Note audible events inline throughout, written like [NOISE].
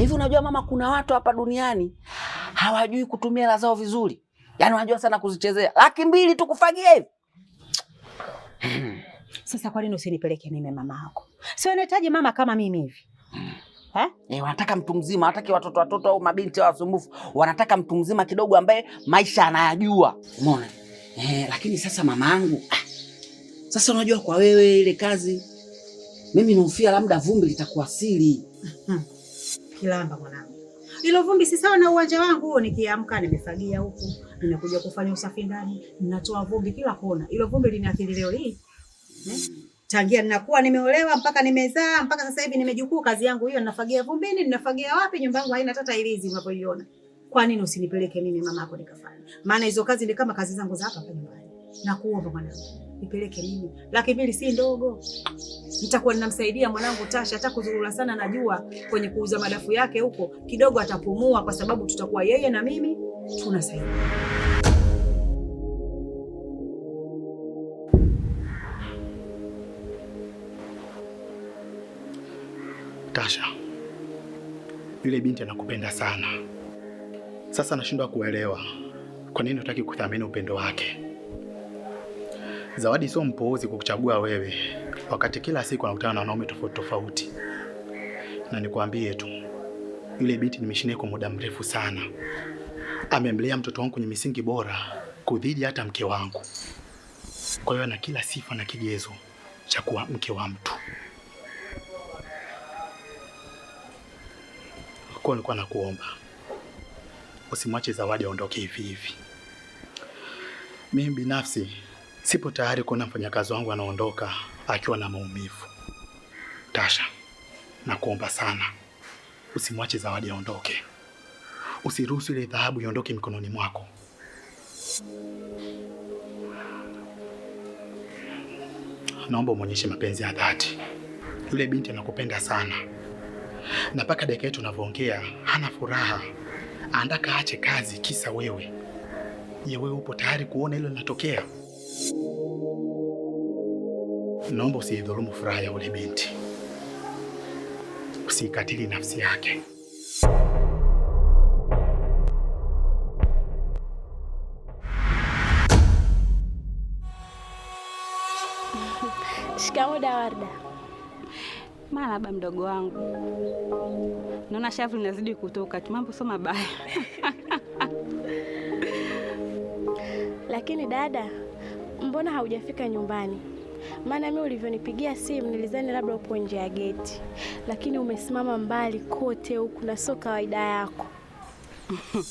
Hivi unajua mama, kuna watu hapa duniani hawajui kutumia hela zao vizuri, yaani wanajua sana kuzichezea. Laki mbili tu kufagia hivi Sasa kwa nini usinipeleke mimi mama yako? Si unahitaji mama kama mimi hivi Eh, eh wanataka mtu mzima, wanataki watoto watoto au mabinti wasumbufu, wanataka mtu mzima kidogo ambaye maisha anayajua. Umeona? Eh, lakini sasa mama ah, sasa unajua kwa wewe ile kazi mimi nahofia labda vumbi litakuwa siri. Mm kilamba mwanangu. ilo vumbi si sawa na uwanja wangu huo, nikiamka nimefagia huku, ninakuja kufanya usafi ndani, ninatoa vumbi kila kona. Ilo vumbi linaathiri leo hii. Eh? Tangia ninakuwa nimeolewa mpaka nimezaa mpaka sasa hivi nimejukuu, kazi yangu hiyo, ninafagia vumbini, ninafagia wapi? Nyumba yangu haina hata ilizi unapoiona. Kwa nini usinipeleke mimi mama yako nikafanya? Maana hizo kazi ni kama kazi zangu za hapa nyumbani. Nakuomba mwanangu nipeleke mimi. Laki mbili si ndogo, nitakuwa ninamsaidia mwanangu Tasha hata kuzurura sana, najua kwenye kuuza madafu yake huko kidogo atapumua, kwa sababu tutakuwa yeye na mimi tunasaidia. Tasha, yule binti anakupenda sana. Sasa nashindwa kuelewa kwa nini hutaki kuthamini upendo wake. Zawadi sio mpuuzi kukuchagua wewe, wakati kila siku anakutana na wanaume tofauti tofauti. Na nikwambie tu, yule binti nimeshinda kwa muda mrefu sana, amemlea mtoto wangu kwenye misingi bora kudhidi hata mke wangu. Kwa hiyo ana kila sifa na kigezo cha kuwa mke wa mtu. Kwa nilikuwa nakuomba usimwache Zawadi aondoke hivi hivi. Mimi binafsi Sipo tayari kuona mfanyakazi wangu anaondoka akiwa na maumivu. Tasha, nakuomba sana, usimwache Zawadi aondoke. Usiruhusu ile dhahabu iondoke mikononi mwako. Naomba umwonyeshe mapenzi ya dhati. Yule binti anakupenda sana, na mpaka dakika yetu tunavyoongea hana furaha, anataka aache kazi kisa wewe. Je, wewe upo tayari kuona hilo linatokea? naomba usidhulumu furaha ya ule binti, usikatili nafsi yake. [LAUGHS] Shikamo Dawarda. Marahaba mdogo wangu, naona shavu linazidi kutoka, kimambo sio mabaya [LAUGHS] lakini dada, mbona haujafika nyumbani? maana mimi ulivyonipigia simu nilizani labda upo nje ya geti, lakini umesimama mbali kote huku na sio kawaida yako. [LAUGHS]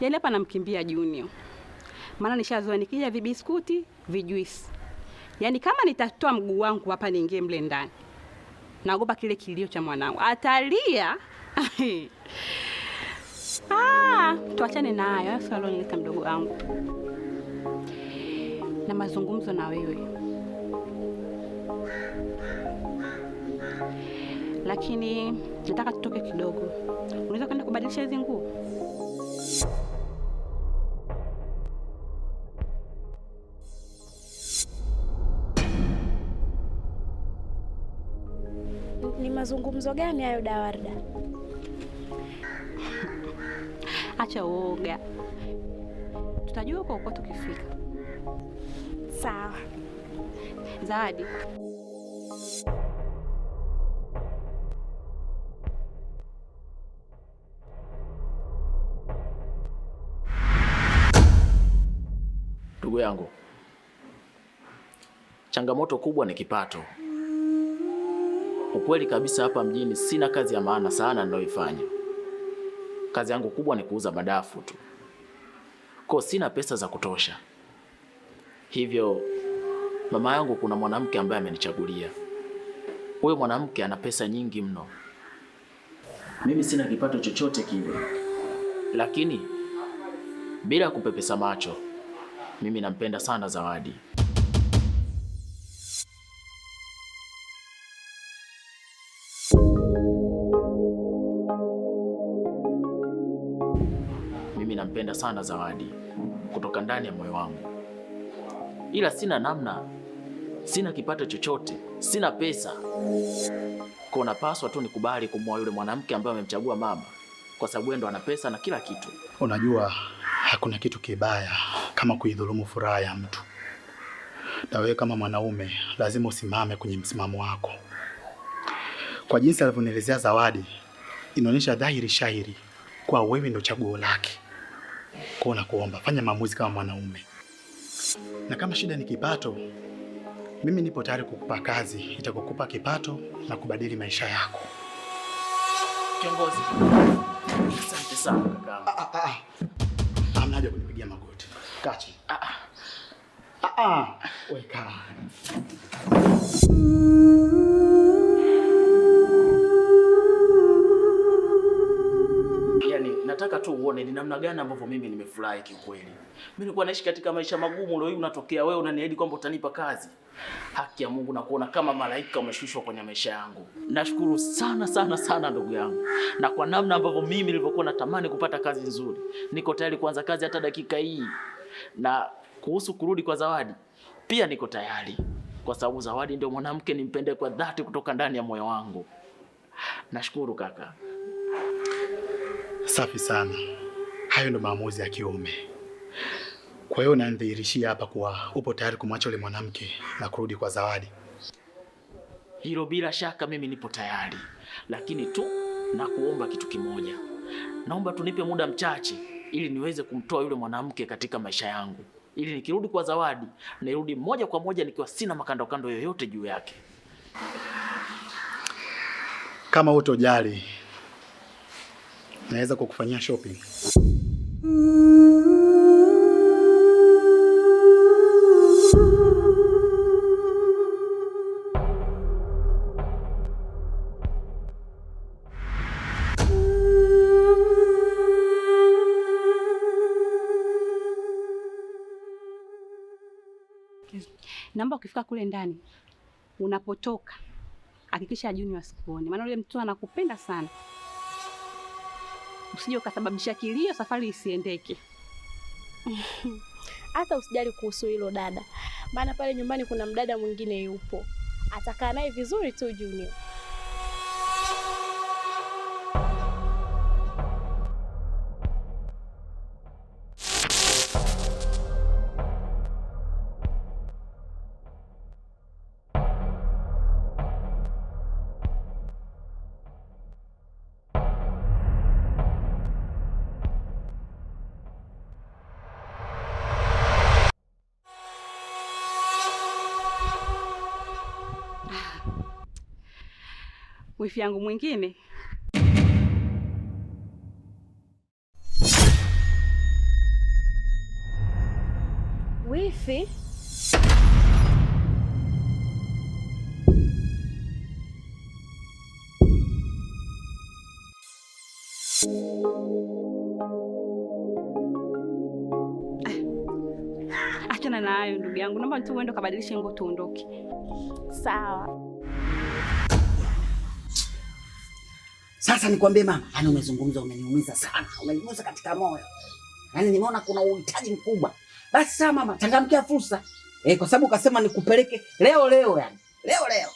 Yaani hapa namkimbia Junior, maana nishazoea nikija vibiskuti vijuisi, yaani kama nitatoa mguu wangu hapa niingie mle ndani, naogopa kile kilio cha mwanangu atalia. [LAUGHS] Ah, tuachane na hayo swali, nileta mdogo wangu na mazungumzo na wewe. lakini nataka tutoke kidogo. Unaweza kwenda kubadilisha hizi nguo? Ni mazungumzo gani hayo Dawarda? [LAUGHS] Acha uoga, tutajua kwa tukifika. Sawa Zawadi. ndugu yangu, changamoto kubwa ni kipato. Ukweli kabisa, hapa mjini sina kazi ya maana sana ninayoifanya. Kazi yangu kubwa ni kuuza madafu tu, kwa sina pesa za kutosha. Hivyo mama yangu, kuna mwanamke ambaye amenichagulia. Huyo mwanamke ana pesa nyingi mno. Mimi sina kipato chochote kile, lakini bila kupepesa macho mimi nampenda sana Zawadi. Mimi nampenda sana Zawadi kutoka ndani ya moyo wangu, ila sina namna, sina kipato chochote, sina pesa kwa napaswa tu nikubali kumwoa yule mwanamke ambaye amemchagua mama, kwa sababu yeye ndo ana pesa na kila kitu. Unajua hakuna kitu kibaya kama kuidhulumu furaha ya mtu. Na wewe kama mwanaume lazima usimame kwenye msimamo wako. Kwa jinsi alivyonielezea Zawadi, inaonyesha dhahiri shahiri kwa wewe ndio chaguo lake. Kwa na kuomba fanya maamuzi kama mwanaume, na kama shida ni kipato, mimi nipo tayari kukupa kazi itakokupa kipato na kubadili maisha yako. Kiongozi, asante sana kaka. Ah, ah, ah, Amnaje kunipigia magoti? Kachi. Ah ah. Weka. Ah, ah. Yaani nataka tu uone ni namna gani ambavyo mimi nimefurahi kiukweli. Mimi nilikuwa naishi katika maisha magumu, leo hii unatokea wewe unaniahidi kwamba utanipa kazi. Haki ya Mungu na kuona kama malaika umeshushwa kwenye maisha yangu. Nashukuru sana sana sana ndugu yangu, na kwa namna ambavyo mimi nilivyokuwa natamani kupata kazi nzuri, niko tayari kuanza kazi hata dakika hii. Na kuhusu kurudi kwa Zawadi, pia niko tayari, kwa sababu Zawadi ndio mwanamke nimpende kwa dhati kutoka ndani ya moyo wangu. Nashukuru kaka. Safi sana, hayo ndio maamuzi ya kiume. Kwa hiyo unanidhihirishia hapa kuwa upo tayari kumwacha yule mwanamke na kurudi kwa Zawadi. Hilo bila shaka mimi nipo tayari, lakini tu nakuomba kitu kimoja, naomba tunipe muda mchache ili niweze kumtoa yule mwanamke katika maisha yangu, ili nikirudi kwa zawadi nirudi moja kwa moja nikiwa sina makandokando yoyote juu yake. Kama hutojali naweza kukufanyia shopping. Mm. Naomba ukifika kule ndani, unapotoka hakikisha Junior asikuone, maana yule mtoto anakupenda sana. Usije ukasababisha kilio, safari isiendeke. [LAUGHS] Hata usijali kuhusu hilo dada, maana pale nyumbani kuna mdada mwingine yupo, atakaa naye vizuri tu Junior. bifu yangu mwingine. Wifi ah, achana na hayo ndugu yangu, naomba tu uende ukabadilishe nguo tuondoke. Sawa. Sasa nikwambie mama, yani umezungumza, umeniumiza sana, umeniumiza katika moyo, yani nimeona kuna uhitaji mkubwa. Basi sasa mama, changamkia fursa eh, kwa sababu ukasema nikupeleke leo leo, yani leo leo,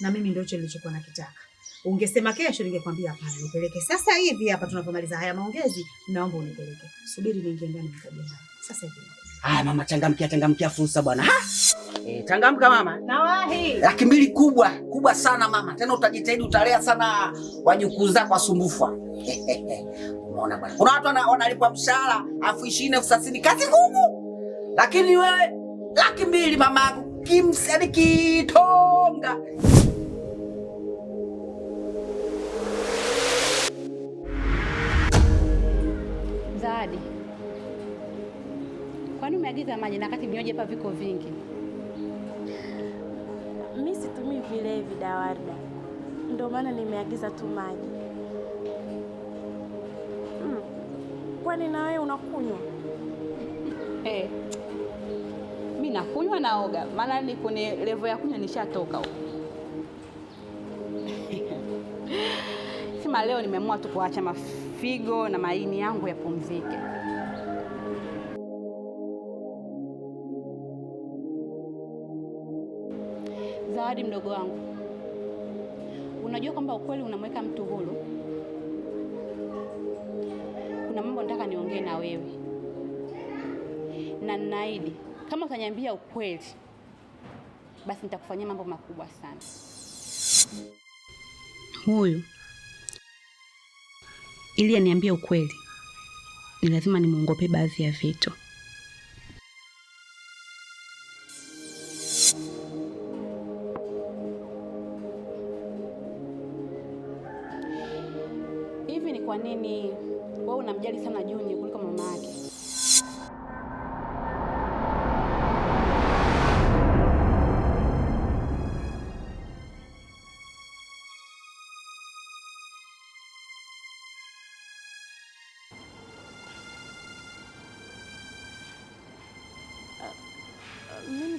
na mimi ndio hicho nilichokuwa nakitaka. Ungesema kesho, ningekwambia hapana, nipeleke sasa hivi. Hapa tunapomaliza haya maongezi, naomba unipeleke. Subiri niingie ndani, sasa hivi. Haya mama, changamkia changamkia fursa bwana. E, changamka mama. Nawahi. Laki mbili kubwa kubwa sana mama, tena utajitahidi, utalea sana wajukuu zako wasumbufu. Unaona [LAUGHS] bwana, kuna watu wanalipwa mshahara elfu ishirini elfu thelathini kazi ngumu, lakini wewe laki mbili mama yangu, kimsani kitonga Kwani umeagiza maji na kati vinywaji hapa viko vingi? Mi situmii vilevi Dawarda, ndio maana nimeagiza tu maji. Mm. Kwani na wewe unakunywa? Hey, [LAUGHS] eh. mi nakunywa naoga, maana ni kwenye levo ya kunywa nishatoka huko. [LAUGHS] Sima leo nimeamua tu kuacha mafigo na maini yangu yapumzike. hadi mdogo wangu. Unajua kwamba ukweli unamweka mtu huru. Kuna mambo nataka niongee na wewe, na ninaahidi kama utaniambia ukweli, basi nitakufanyia mambo makubwa sana. Huyu ili aniambie ukweli, ni lazima nimwongopee baadhi ya vitu.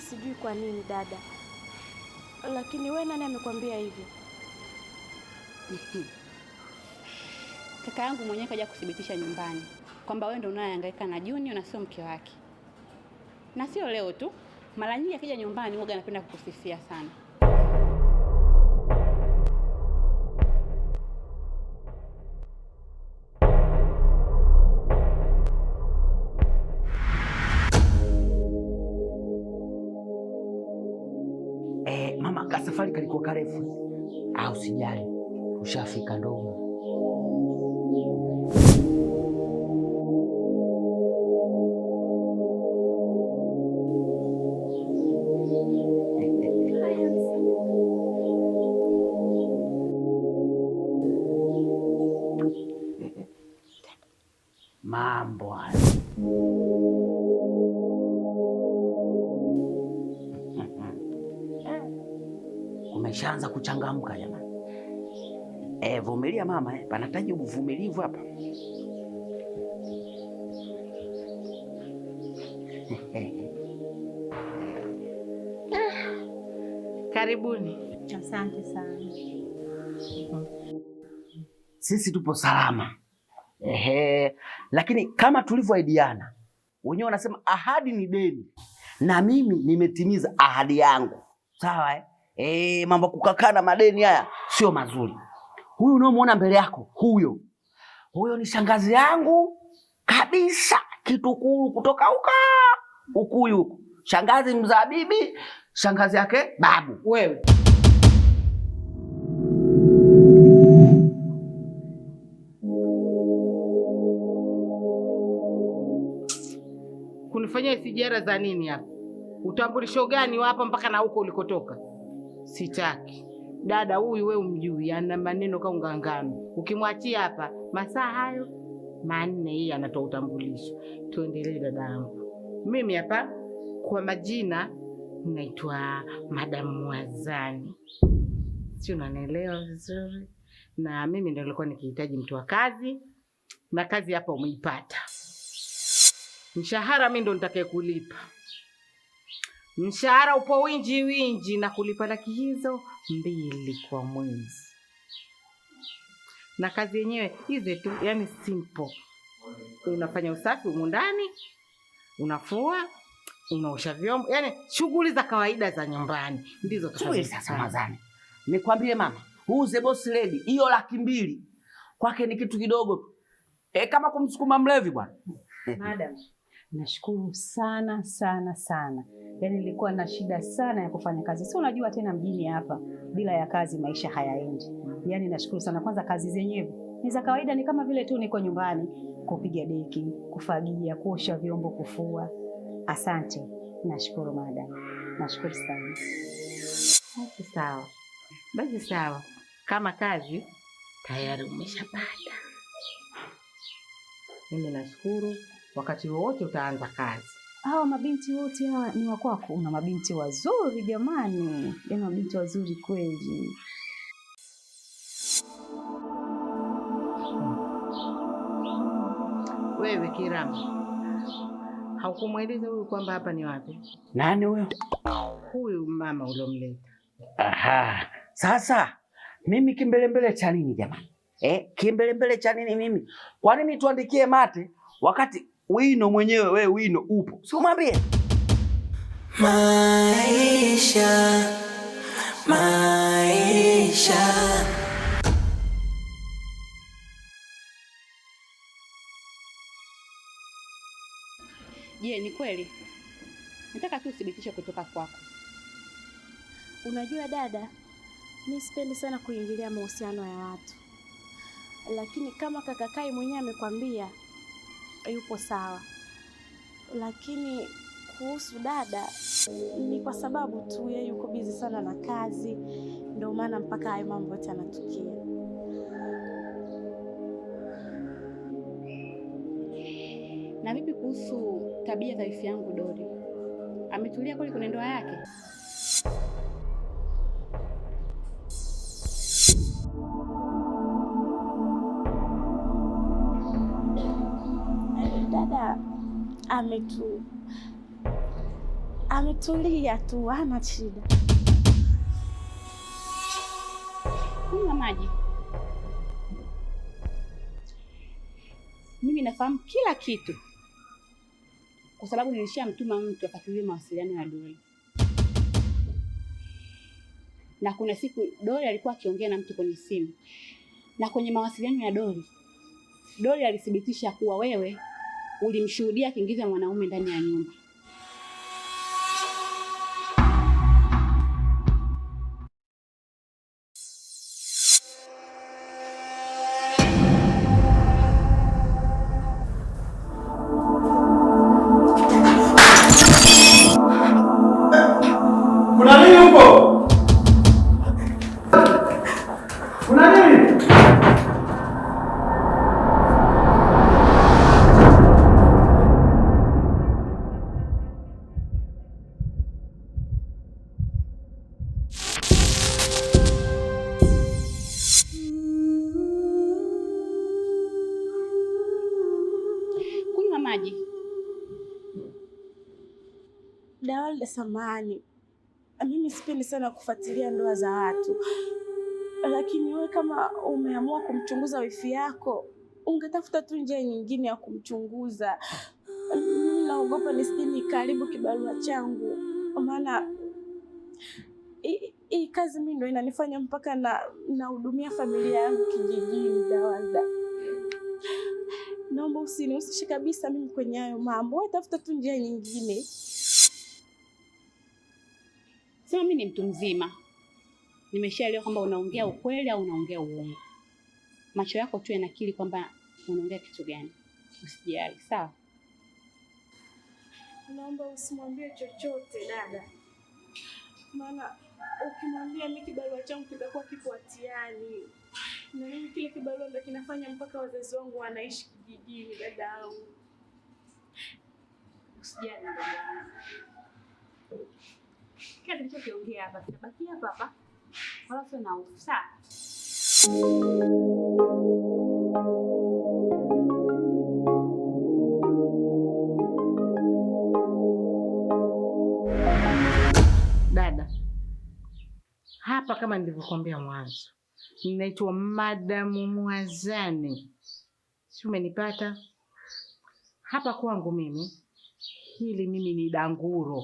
sijui kwa nini dada, lakini we nani amekwambia hivyo? [LAUGHS] Kaka yangu mwenyewe kaja kuthibitisha nyumbani kwamba wewe ndio unayehangaika na Juni na sio mke wake, na sio leo tu. Mara nyingi akija nyumbani huaga anapenda kukusifia sana. karefu au sijali, ushafika ndomo. [LAUGHS] mambo nishaanza kuchangamka jamani. E, vumilia mama eh, panahitaji uvumilivu hapa. [LAUGHS] Karibuni. Asante sana. Sisi tupo salama. Ehe, lakini kama tulivyoahidiana wenyewe wanasema ahadi ni deni, na mimi nimetimiza ahadi yangu, sawa eh? E, mambo kukakaa na madeni haya sio mazuri. Huyu unaomuona mbele yako huyo huyo ni shangazi yangu kabisa, kitukuu kutoka huka Ukuyu huko, shangazi Mzabibi, shangazi yake babu wewe. Kunifanyia sijara za nini hapa? Utambulisho gani wapa mpaka na huko ulikotoka? sitaki. Dada huyu we umjui, ana maneno kama ungangano. Ukimwachia hapa masaa hayo manne, yeye anatoa utambulisho. Tuendelee dada yangu, mimi hapa kwa majina naitwa Madam Mwazani, sio? Unanielewa vizuri. Na mimi ndio nilikuwa nikihitaji mtu wa kazi, na kazi hapa umeipata. Mshahara mimi ndo nitakayekulipa kulipa mshahara upo winji winji, na kulipa laki hizo mbili kwa mwezi, na kazi yenyewe hizo tu, yani simple. Unafanya usafi humu ndani, unafua, unaosha vyombo, yani shughuli za kawaida za nyumbani ndizo sasa. Mazani, nikwambie mama, uuze boss lady hiyo laki mbili kwake ni kitu kidogo e, kama kumsukuma mlevi bwana madam Nashukuru sana sana sana, yaani nilikuwa na shida sana ya kufanya kazi, si unajua tena mjini hapa bila ya kazi maisha hayaendi. Yaani nashukuru sana kwanza, kazi zenyewe ni za kawaida, ni kama vile tu niko nyumbani, kupiga deki, kufagia, kuosha vyombo, kufua. Asante, nashukuru madam, nashukuru sana. Basi sawa, basi sawa, kama kazi tayari umeshapata, mimi nashukuru wakati wowote utaanza kazi. Hawa mabinti wote hawa ni wakwako Una mabinti wazuri jamani, yaani mabinti wazuri kweli. Wewe Kiram, haukumweleza huyu kwamba hapa ni wapi? Nani huyo? Huyu mama uliomleta. Aha, sasa mimi kimbelembele cha nini jamani? Eh, kimbelembele cha nini mimi? Kwa nini tuandikie mate wakati wino mwenyewe, wewe wino upo, si umwambie maisha maisha Je, ni kweli? Nataka tu uthibitishe kutoka kwako. Unajua dada, mi sipendi sana kuingilia mahusiano ya watu, lakini kama kaka Kai mwenyewe amekwambia yupo sawa, lakini kuhusu dada ni kwa sababu tu yeye yuko bizi sana na kazi, ndio maana mpaka hayo mambo yote yanatukia. Na vipi kuhusu tabia dhaifu yangu Dori, ametulia kweli kwenye ndoa yake? ametu ametulia tu, hana shida. Kunywa maji. Mimi nafahamu kila kitu kwa sababu nilishamtuma mtu akatumia mawasiliano ya Dole, na kuna siku Dole alikuwa akiongea na mtu kwenye simu, na kwenye mawasiliano ya Dole, Dole alithibitisha kuwa wewe ulimshuhudia akiingiza mwanaume ndani ya nyumba. la samani. Mimi sipendi sana kufuatilia ndoa za watu, lakini wewe kama umeamua kumchunguza wifi yako, ungetafuta tu njia nyingine ya kumchunguza. Mimi naogopa nisije nikaribu kibarua changu, maana hii kazi mimi ndo inanifanya mpaka na nahudumia familia yangu kijijini. Dawada, naomba usinihusishe kabisa mimi kwenye hayo mambo, tafuta tu njia nyingine. Sema mimi ni mtu mzima, nimeshaelewa kwamba unaongea ukweli au unaongea uongo. Macho yako tu yanakili kwamba unaongea kitu gani. Usijali, sawa? Naomba usimwambie chochote dada, maana ukimwambia mimi kibarua changu kitakuwa kipo hatiani, na mimi kile kibarua ndo kinafanya mpaka wazazi wangu wanaishi kijijini. Dada yangu, usijali dada kilichokiongea hapa hapa, wala sio na Dada hapa, kama nilivyokuambia mwanzo, ninaitwa Madamu Mwazani, si umenipata? Hapa kwangu mimi, hili mimi ni danguro.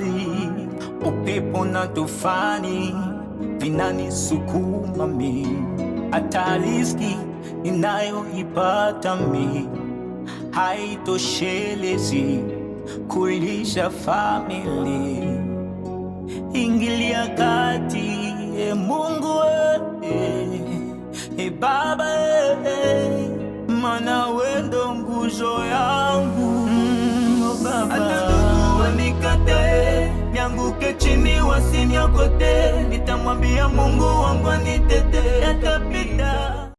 bahari, upepo na tufani vinanisukuma mi, hata riziki ninayoipata mi haitoshelezi kulisha famili. Ingilia kati, e Mungu e, e Baba e, mana wendo nguzo yangu mm, oh Baba nianguke chini wasiniokote, nitamwambia Mungu wangu anitete, yatapita.